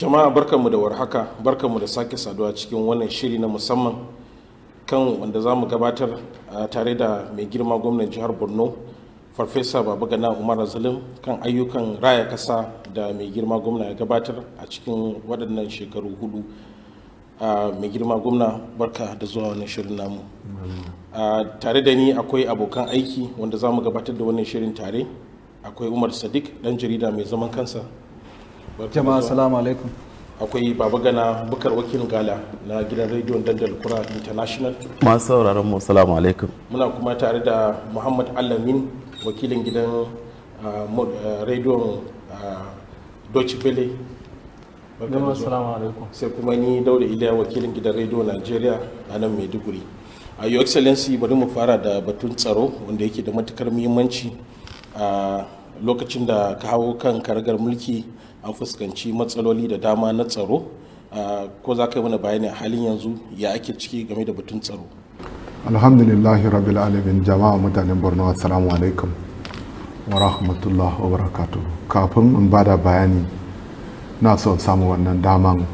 jama'a barkanmu da warhaka barkanmu da sake saduwa cikin wannan shiri na musamman kan wanda za mu gabatar tare da mai girma gwamnan jihar borno farfesa Baba Gana umar zalim kan ayyukan raya kasa da mai girma gwamna ya gabatar a cikin waɗannan shekaru hudu mai girma gwamna barka da zuwa wannan shirin namu tare da ni akwai abokan aiki wanda za mu gabatar da wannan shirin tare akwai umar sadiq ɗan jarida mai zaman kansa jama'a salamu alaikum akwai baba gana bukar wakil gala na gidan rediyon dandal kura international masu sauraron mu salamu alaikum muna kuma tare da muhammad alamin wakilin gidan ah, ah, rediyon ah, deutsche welle sai kuma ni daura iliya wakilin gidan rediyo nigeria a nan maiduguri a your excellency bari mu fara da batun tsaro wanda yake da matukar muhimmanci a lokacin da ka hawo kan karagar mulki an fuskanci matsaloli da dama na tsaro ko za ka yi mana bayani a halin yanzu ya ake ciki game da batun tsaro alhamdulillahi rabbil alamin jama'a mutanen borno assalamu alaikum wa rahmatullah wa barakatu kafin in bada bayani na son samu wannan daman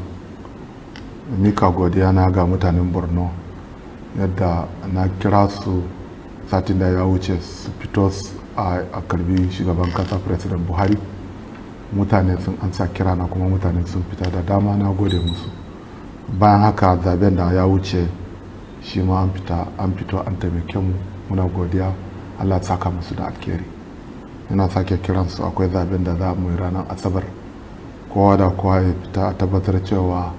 mika godiya na ga mutanen borno yadda na kira su satin da ya wuce su fito a karbi shugaban kasa president buhari mutane sun an sa kira na kuma mutane sun fita da dama na gode musu bayan haka zaben da ya wuce shi ma an fito an taimake mu muna godiya allah saka musu da alkeri yana sake kiransu akwai zaben da za mu yi ranar asabar kowa da kowa ya fita a tabbatar cewa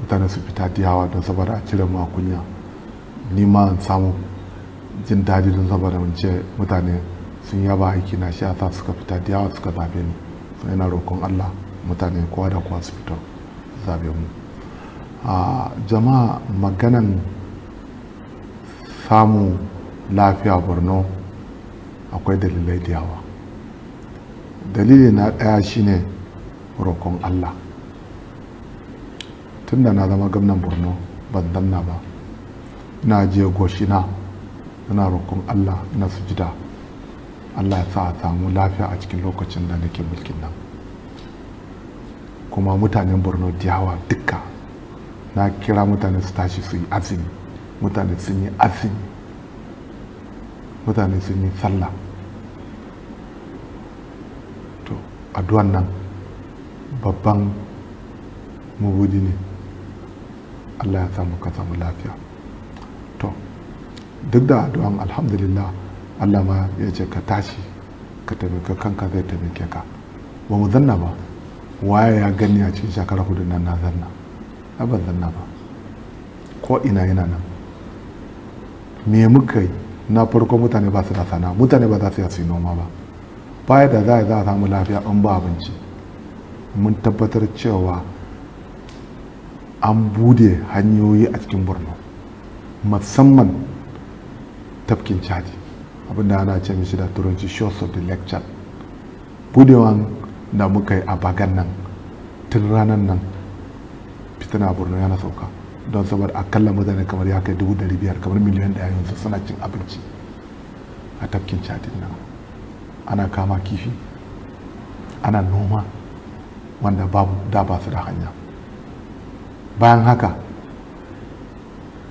mutane su fita diyawa don saboda a cire makunya ni ma samu jin daɗi don saboda mutane sun yaba aiki na shi yasa suka fita da yawa suka zabe ni sai na roƙon Allah mutane kowa da kowa su fito zabe mu a jama'a maganan samu lafiya borno akwai dalilai da yawa dalili na ɗaya shine roƙon Allah tun da na zama gwamnan borno ban damna ba na je goshina ina roƙon Allah su sujida allah ya sa a samu lafiya a cikin lokacin da nake mulkin nan kuma mutanen borno diyawa duka na kira mutane su tashi su yi azumi mutane sun yi azumi mutane sun yi sallah to aduwan nan babban mabudi ne allah ya samu ka samu lafiya to duk da addu'an alhamdulillah Allah ma ya ce ka tashi ka taimaka kanka zai taimake ka ba mu zanna ba waye ya gani a cikin shakara hudu nan na zanna a ban zanna ba ko ina yana nan me muka yi na farko mutane ba su da sana mutane ba za su yi noma ba baya da za a za a samu lafiya an ba abinci mun tabbatar cewa an bude hanyoyi a cikin borno musamman tafkin caji Abin da ana ce mishi da turanci shows of the lecture budewan da muka yi a bagan nan tun ranar nan fitina burno yana sauka don saboda akalla mutane kamar ya kai dubu dari biyar kamar miliyan daya yanzu suna cin abinci a tafkin chatin nan ana kama kifi ana noma wanda babu da ba su da hanya bayan haka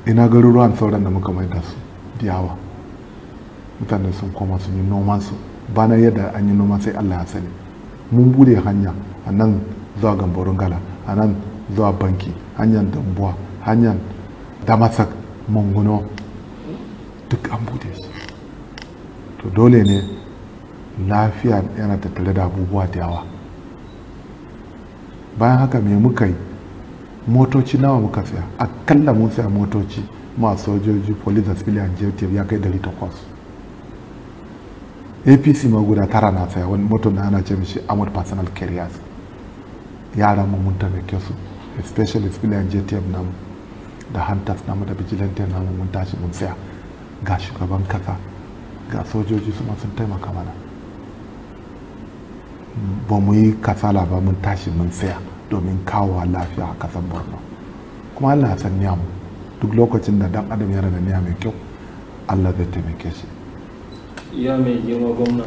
ina garuruwan sauran da muka mai da su diyawa mutane sun koma sun yi nomansu ba na yadda an yi noman sai allah ya sani mun bude hanya a nan zuwa gambarun gala a nan zuwa banki hanyar dambuwa hanyar damasak manguno duk an bude su. to dole ne lafiya yana tattare da abubuwa da yawa bayan haka me muka yi motoci nawa muka saya akalla mun siya motoci ma sojoji police da civilian ya kai 800 apc ma guda tara na saya wani moto na ana ce mishi amur personal careers yaran mu mun taimake su especially civilian jtm namu da hunters namu da vigilante namu mun tashi mun saya ga shugaban kasa ga sojoji su sun taimaka mana ba mu yi kasala ba mun tashi mun saya domin kawowa lafiya a kasan borno kuma allah san niyamu duk lokacin da dan adam yana da niya mai kyau allah zai taimake shi ya mai girma gwamna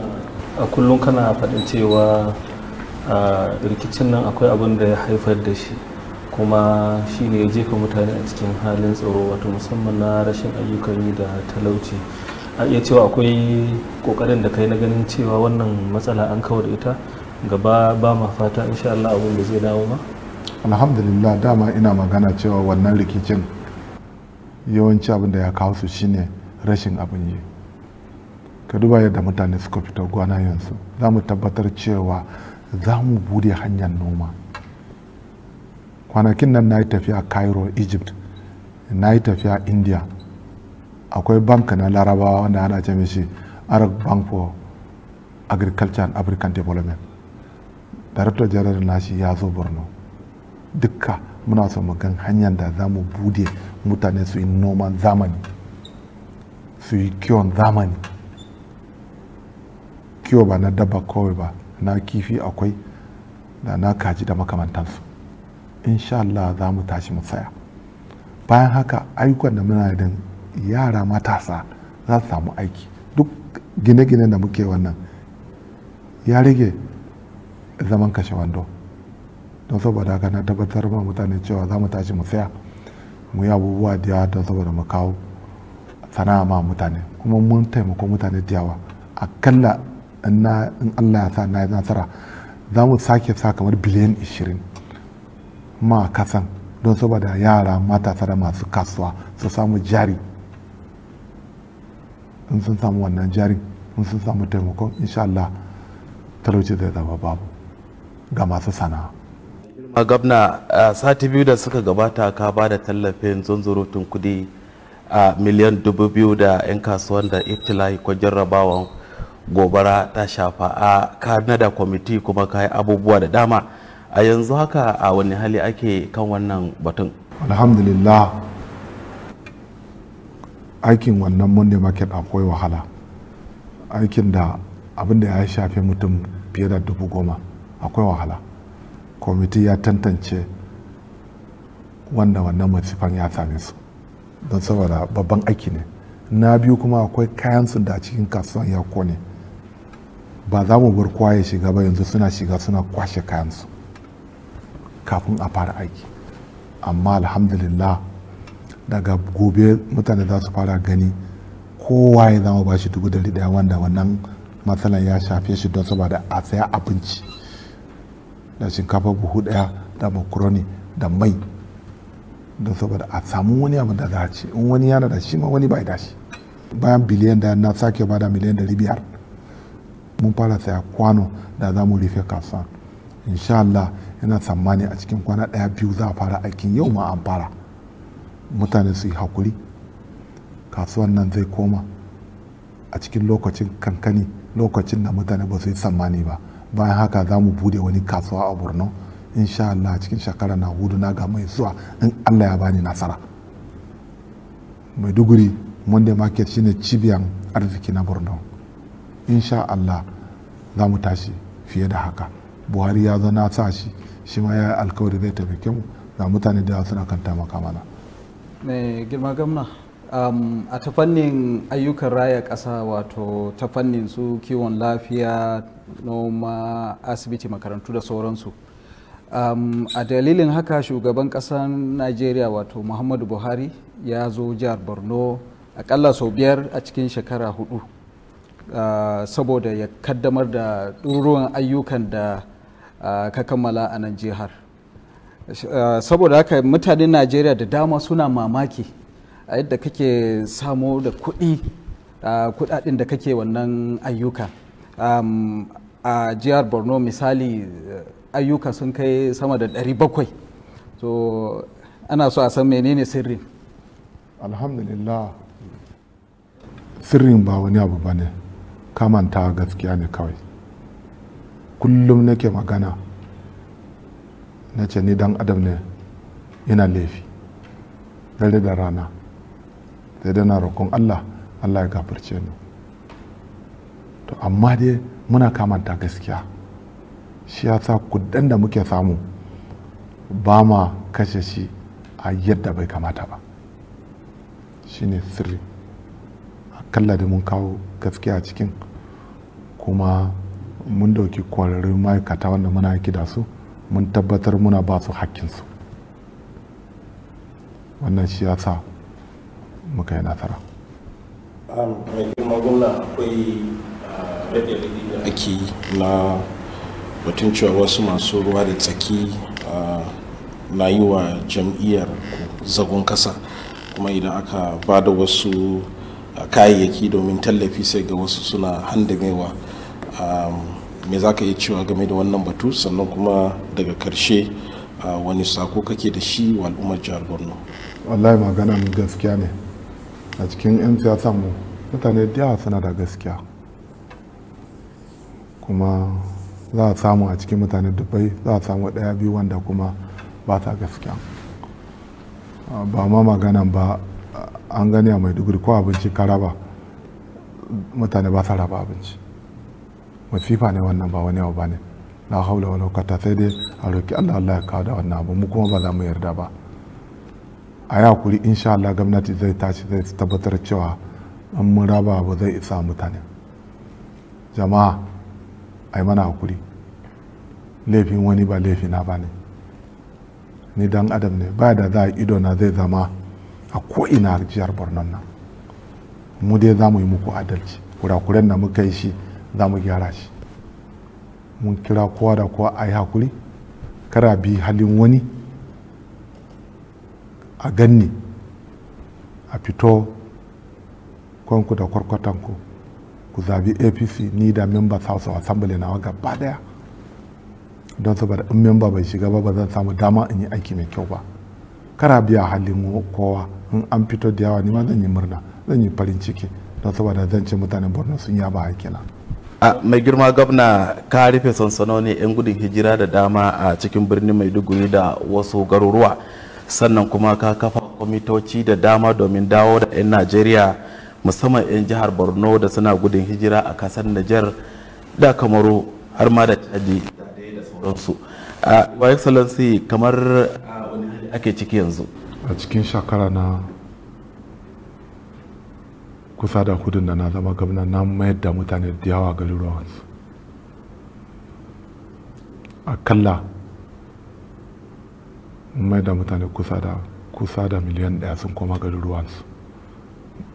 a kullum kana faɗin cewa rikicin nan akwai abin da ya haifar da shi kuma shi ne ya jefa mutane a cikin halin tsoro wato musamman na rashin ayyukan yi da talauci a iya cewa akwai kokarin da kai na ganin cewa wannan matsala an kawar ita gaba ba ma fata insha Allah abin da zai dawo ma alhamdulillah dama ina magana cewa wannan rikicin yawanci abin da ya kawo su shine rashin abin yi ka duba yadda mutane suka fita gwana yanzu za mu tabbatar cewa za mu bude hanyar noma kwanakin nan na yi tafiya cairo egypt na yi tafiya india akwai bank na larabawa wanda ana ce mishi arab bank for agriculture and african development director general nashi ya zo borno duka muna so mu gan hanyar da za mu bude mutane su yi noman zamani su yi kiwon zamani kiwo ba na dabba kawai ba na kifi akwai da na kaji da makamantansu insha Allah za mu tashi mu saya bayan haka ayyukan da muna da yara matasa za su samu aiki duk gine-gine da muke wannan ya rage zaman kashe wando don saboda haka na tabbatar ma mutane cewa za mu tashi mu tsaya mu yi abubuwa da yawa don saboda mu kawo sana'a ma mutane kuma mun taimako mutane da yawa akalla in allah ya sa na nasara za mu sake sa kamar biliyan 20 ma kasan don saboda yara matasa da masu kasuwa su samu jari in sun samu wannan jari in sun samu taimakon insha allah talauci zai zama babu ga masu sana'a a gabna sati biyu da suka gabata ka ba da tallafin zunzurutun kudi a miliyan dubu biyu da 'yan kasuwan da iftila ko jarrabawan gobara ta shafa a kanada kwamiti kuma ka yi abubuwa da dama a yanzu haka a wani hali ake kan wannan batun alhamdulillah aikin wannan monday market akwai wahala aikin da abin da ya shafi mutum fiye da dubu goma akwai wahala kwamiti ya tantance wanda wannan masifan ya same su don saboda babban aiki ne na biyu kuma akwai kayan su da cikin kasuwan ya kone ba za mu bar kowa ya shiga ba yanzu suna shiga suna kwashe kayansu kafin a fara aiki amma alhamdulillah daga gobe mutane za su fara gani kowa ya zama ba shi dubu dari daya wanda wannan matsalan ya shafe shi don saboda a saya abinci da shinkafa buhu daya da makaroni da mai don saboda a samu wani abu da za a ci in wani yana da shi ma wani bai da shi bayan biliyan da na sake bada miliyan dari biyar mun fara saya kwano da za mu rufe kasuwa insha Allah yana tsammani a cikin kwana ɗaya biyu za a fara aikin yau ma an fara mutane su yi hakuri kasuwan nan zai koma a cikin lokacin kankani lokacin da mutane ba su yi tsammani ba bayan haka za mu bude wani kasuwa a borno insha Allah cikin shekara na hudu na ga mai zuwa in Allah ya bani nasara maiduguri monday market shine cibiyan arziki na borno insha Allah za mu tashi fiye da haka buhari ya zana sa shi shi ma ya yi alkawari zai tafi mu ga mutane da suna kan taimaka mana mai girma gamna a ta fannin ayyukan raya ƙasa wato ta fannin su kiwon lafiya noma asibiti makarantu da sauransu a dalilin haka shugaban ƙasar najeriya wato muhammadu buhari ya zo jihar borno akalla sau biyar a cikin shekara hudu Ah, saboda ya kaddamar da ɗururuwan ayyukan da ah, ka kammala a nan jihar ah, saboda haka mutanen najeriya da dama suna mamaki a yadda kake samo da kuɗi kuɗaɗen da kake wannan ayyuka a jihar borno misali eh, ayyuka sun kai sama da 700 so ana so a san menene sirrin alhamdulillah sirrin ba wani abu ba ne kamanta gaskiya ne kawai kullum nake magana na ce ni dan adam ne ina laifi dare da rana sai dai na roƙon allah allah ya gafarce ni to amma dai muna kamanta gaskiya shi ya sa kudin da muke samu ba ma kashe shi a yadda bai kamata ba Shi ne sirri kalla da mun kawo gaskiya cikin kuma mun dauki kwararrun ma'aikata wanda muna aiki da su mun tabbatar muna ba su hakkinsu wannan shi ya sa muka yi nasara mai girma gwamna akwai ah, rage da ake na batun cewa wasu masu ruwa da tsaki ah, na yi wa jam'iyyar zagon kasa kuma idan aka ba da wasu ah, kayayyaki domin tallafi sai ga wasu suna handamewa me za ka iya cewa game da wannan batu sannan kuma daga karshe wani sako kake da shi wa al'ummar jihar borno wallahi magana gaskiya ne a cikin 'yan siyasa mu mutane da yawa suna da gaskiya kuma za a samu a cikin mutane dubbai za a samu ɗaya biyu wanda kuma ba ta gaskiya ba ma magana ba an gani a mai duguri ko abinci ka raba mutane ba sa raba abinci masifa ne wannan ba wani abu bane la haula wala quwwata sai dai a roki Allah Allah ya kawo da wannan abu mu kuma ba za mu yarda ba a yi kuri, insha Allah gwamnati zai tashi zai tabbatar cewa an mun raba abu zai isa mutane jama'a a yi mana hakuri laifin wani ba laifina ba ne ni dan adam ne ba da za a ido na zai zama a ko'ina jihar borno nan mu dai za mu yi muku adalci kurakuren da muka yi shi za mu gyara shi mun kira kowa da kowa a yi hakuri kara bi halin wani a ganni a fito kwanku da kwarkwatanku ku zabi apc ni da memba south assembly nawa gaba daya don saboda in memba bai shiga ba ba zan samu dama in yi aiki mai kyau ba kara biya halin kowa in an fito da yawa ni ma zan yi murna zan yi farin ciki don saboda zan ce mutanen borno sun yaba haikina. A mai girma gwamna ka rufe sansanoni 'yan gudun hijira da dama a cikin birnin maiduguri da wasu garuruwa sannan kuma ka kafa kwamitoci da dama domin dawo da 'yan najeriya musamman 'yan jihar borno da suna gudun hijira a kasar niger da kamaru har ma da chadi da sauransu wa kamar ake ciki yanzu a cikin shakara na kusa da kudin da na zama gabna na mayar da mutane da yawa a akalla mai da mutane kusa da kusa da miliyan daya sun koma garuruwansu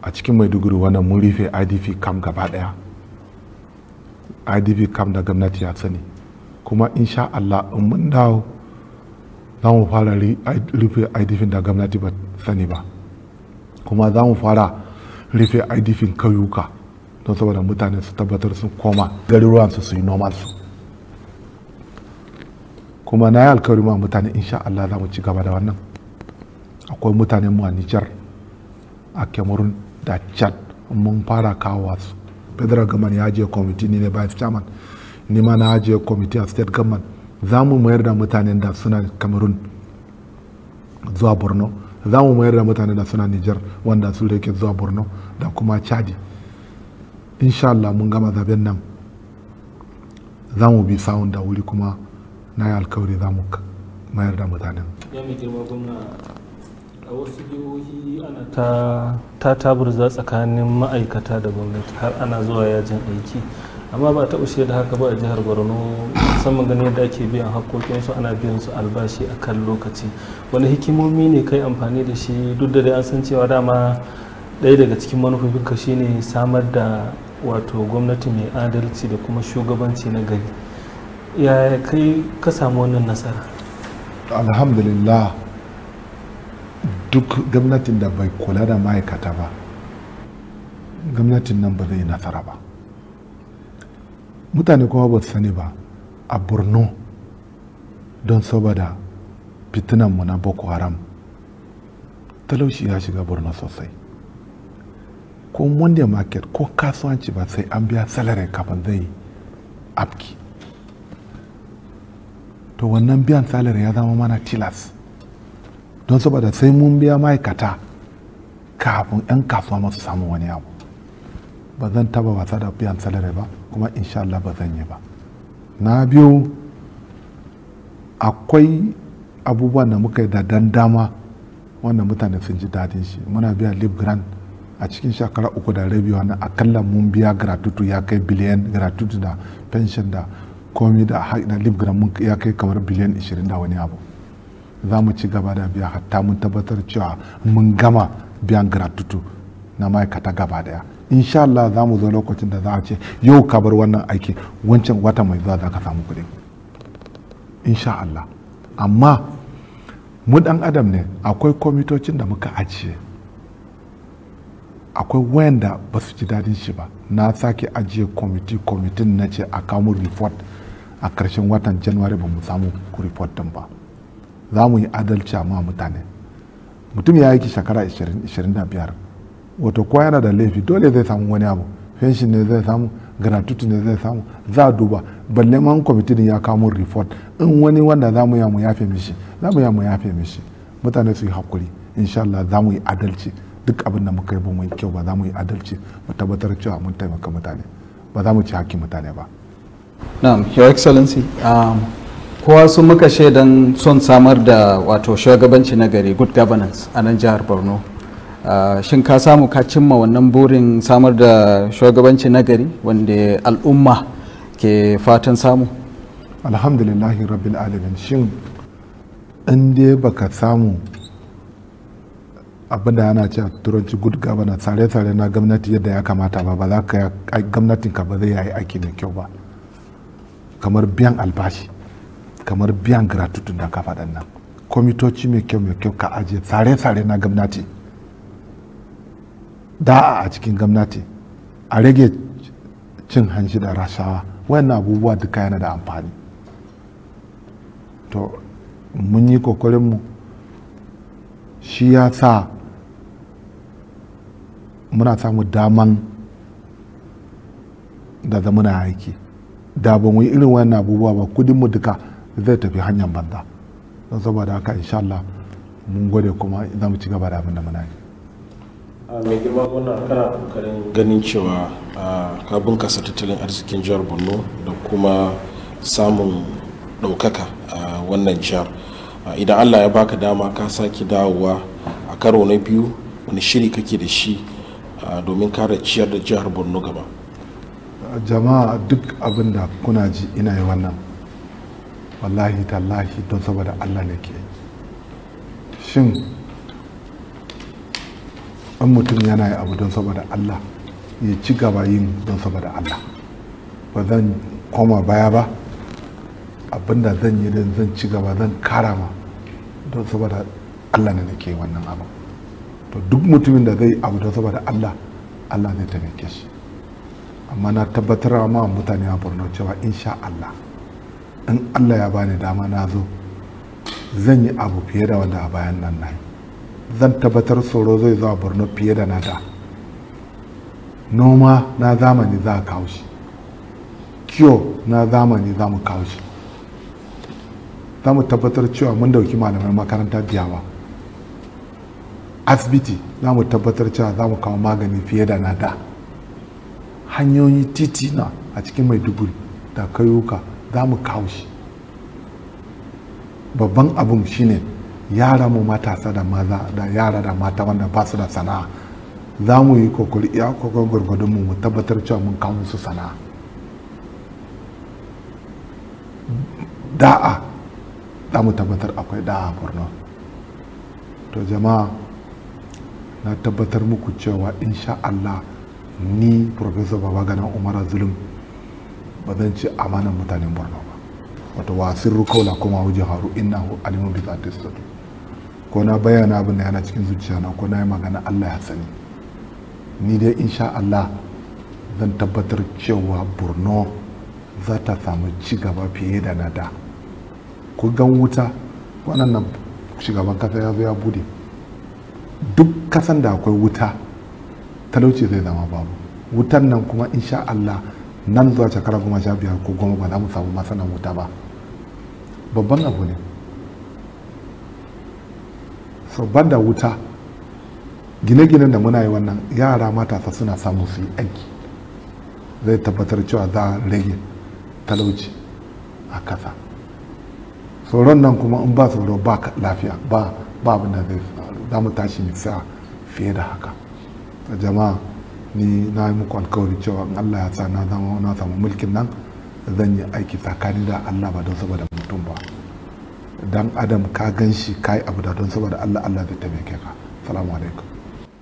a cikin maiduguri wannan mun rufe idp kam gaba daya idp kam da gwamnati ya sani kuma insha Allah in mun dawo za mu fara rufe idp da gwamnati ba sani ba kuma za mu fara rufe aidifin kayuka don saboda mutane su tabbatar sun koma ruwan su yi normal su kuma na yi alkawari ma mutane insha Allah za mu ci gaba da wannan akwai mutane mu a Nijar a Cameroon da Chad mun fara kawo su federal gaman ya je kwamiti ne vice chairman ni ma na je kwamiti a state government za mu mayar da mutanen da suna Cameroon zuwa Borno za mu mayar da mutane da suna nijar wanda su da zuwa borno da kuma chadi insha Allah mun gama zaben nan za mu bi sawun da wuri kuma na yi alkawari za mu mayar da mutanen a wasu jihohi ana ta taburza tsakanin ma'aikata da gwamnati har ana zuwa yajin aiki amma ba ta ushe da haka ba a jihar borno musamman ganin yadda ake biyan haƙoƙinsu ana biyan su albashi a kan lokaci wani hikimomi ne kai amfani da shi duk da dai an san cewa dama ɗaya daga cikin manufofinka shine samar da wato gwamnati mai adalci da kuma shugabanci na gari ya kai ka samu wannan nasara alhamdulillah duk gwamnatin da bai kula da ma'aikata ba gwamnatin nan ba zai nasara ba mutane kuma ba su sani ba a borno don saboda fitinanmu na boko haram talauci ya shiga borno sosai ko monday market ko kasuwanci ba sai an biya salari kafin zai afki to wannan biyan salari ya zama mana tilas don saboda sai mun biya ma'aikata kafin 'yan kasuwa masu samu wani abu ba zan taba wasa da biyan salari ba kuma insha Allah ba zan yi ba na biyu akwai abubuwan da muka yi da dan dama wanda mutane sun ji dadin shi muna biya lib grand a cikin shekara uku da rabi wani akalla mun biya gratutu ya kai biliyan gratutu da pension da komi da haƙi lib grand mun ya kai kamar biliyan 20 da wani abu za mu ci gaba da biya hatta mun tabbatar cewa mun gama biyan gratutu na ma'aikata gaba daya insha Allah za mu zo lokacin da za a ce yau ka bar wannan aiki wancan wata mai zuwa za ka samu kuɗi insha Allah amma mu dan adam ne akwai kwamitocin da muka ajiye akwai wayanda ba su ji daɗin shi ba na sake ajiye kwamiti kwamitin na ce a kamun report a karshen watan january ba mu samu report din ba za mu yi adalci ma mutane mutum ya yi shekara 25 wato kowa yana da laifi dole zai samu wani abu fenshin ne zai samu gratuity ne zai samu za a duba balle man kwamitin ya kamo report in wani wanda za mu ya mu yafe mishi za mu ya mu yafe mishi mutane su yi hakuri insha Allah za mu yi adalci duk abin da muka yi ba mu yi kyau ba za mu yi adalci mu tabbatar cewa mun taimaka mutane ba za mu ci hakkin mutane ba na'am your excellency um, kowa su muka shaidan son samar da wato shugabanci na gari good governance a nan jihar borno Ah, shin ka samu ka cimma wannan burin samar da shugabanci nagari wanda al'umma ke fatan samu alhamdulillahi rabbil alamin shin in dai baka samu abin da yana ce a turanci good governance tsare-tsare na gwamnati yadda ya kamata ba ba za ka gwamnatin ka ba zai yi aiki mai kyau ba kamar biyan albashi kamar biyan gratitude da ka nan komitoci mai kyau mai kyau ka ajiye tsare-tsare na gwamnati da'a a cikin gwamnati a rage cin hanci da rashawa wayan abubuwa duka yana da amfani to mun yi mu shi ya sa muna samu daman da zama na aiki da ba yi irin wayan abubuwa ba kudinmu duka zai tafi hanyar banza don saboda haka insha Allah mun gode kuma za mu ci gaba da abin da muna yi mai girma muna kana kokarin ganin cewa ka bunkasa tattalin arzikin jihar borno da kuma samun ɗaukaka a wannan jihar idan allah ya baka dama ka sake dawowa a karo na biyu wani shiri kake da shi domin kare ciyar da jihar borno gaba jama'a duk abinda kuna ji ina yi wannan wallahi tallahi don saboda allah ne ke shin an mutum yana yi abu don saboda Allah ya ci gaba yin don saboda Allah ba zan koma baya ba abinda zan yi don zan ci gaba zan karama don saboda Allah ne nake wannan abu to duk mutumin da zai abu don saboda Allah Allah zai taimake shi amma na tabbatar ma mutane a Borno cewa insha Allah in Allah ya bani dama na zo zan yi abu fiye da wanda a bayan nan na yi zan tabbatar tsoro zai zuwa borno fiye da na da noma na zamani za a kawo shi kiyo na zamani za mu kawo shi za mu tabbatar cewa mun dauki malamar makaranta jiyawa asibiti za mu tabbatar cewa za mu kawo magani fiye da na da hanyoyi titi na a cikin maiduguri da kayuka za mu kawo shi babban abin shine yara mu matasa da maza da yara da mata wanda ba su da sana'a za mu yi kokari gwargwadon mu tabbatar cewa mun kawo su sana'a da'a za mu tabbatar akwai da'a borno to jama'a na tabbatar muku cewa insha Allah ni professor babagana umar zulum ba zan ci amanan mutanen borno ba wato wasirru kaula kuma wajen haru ina alimun bi sadu ko na bayyana abin da yana cikin zuciya na ko na yi magana Allah ya sani ni dai insha Allah zan tabbatar cewa Borno za ta samu ci fiye da na da ku gan wuta wannan shugaban kasa ya zo ya bude duk kasan da akwai wuta talauci zai zama babu wutan nan kuma insha Allah nan zuwa shekara goma sha biyar ko goma ba za mu samu masanan wuta ba babban abu ne so da wuta gine-ginen da muna yi wannan yara matasa suna samu su yi aiki zai tabbatar cewa za a rage talauci a kasa tsoron nan kuma in ba tsoro ba lafiya ba abin da zai za mu tashi nisa fiye da haka jama'a ni na yi muku alkawari cewa in allah ya sa na zama na samu mulkin nan zan yi aiki tsakani da allah ba don saboda mutum ba dan adam ka gan shi ka yi abu da don saboda allah allah zai taimake ka salamu alaikum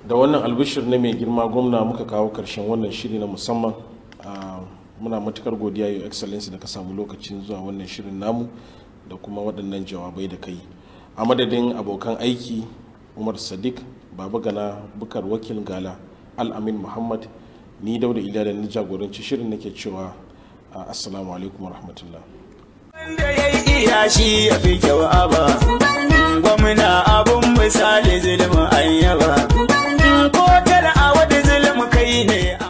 da wannan albishir na mai girma gwamna muka kawo karshen wannan shiri na musamman ah, muna matukar godiya yau excellency da ka samu lokacin zuwa wannan shirin namu da kuma waɗannan jawabai da kai a madadin abokan aiki umar sadiq baba gana bukar wakil gala al'amin muhammad ni dauda iliya da na jagoranci shirin nake cewa ah, assalamu alaikum warahmatullah Wanda ya yi iya shi ya fi kyau aba. Gwamna abun misali zulmin ayyaba. Ko kala a wani zulmi kai ne.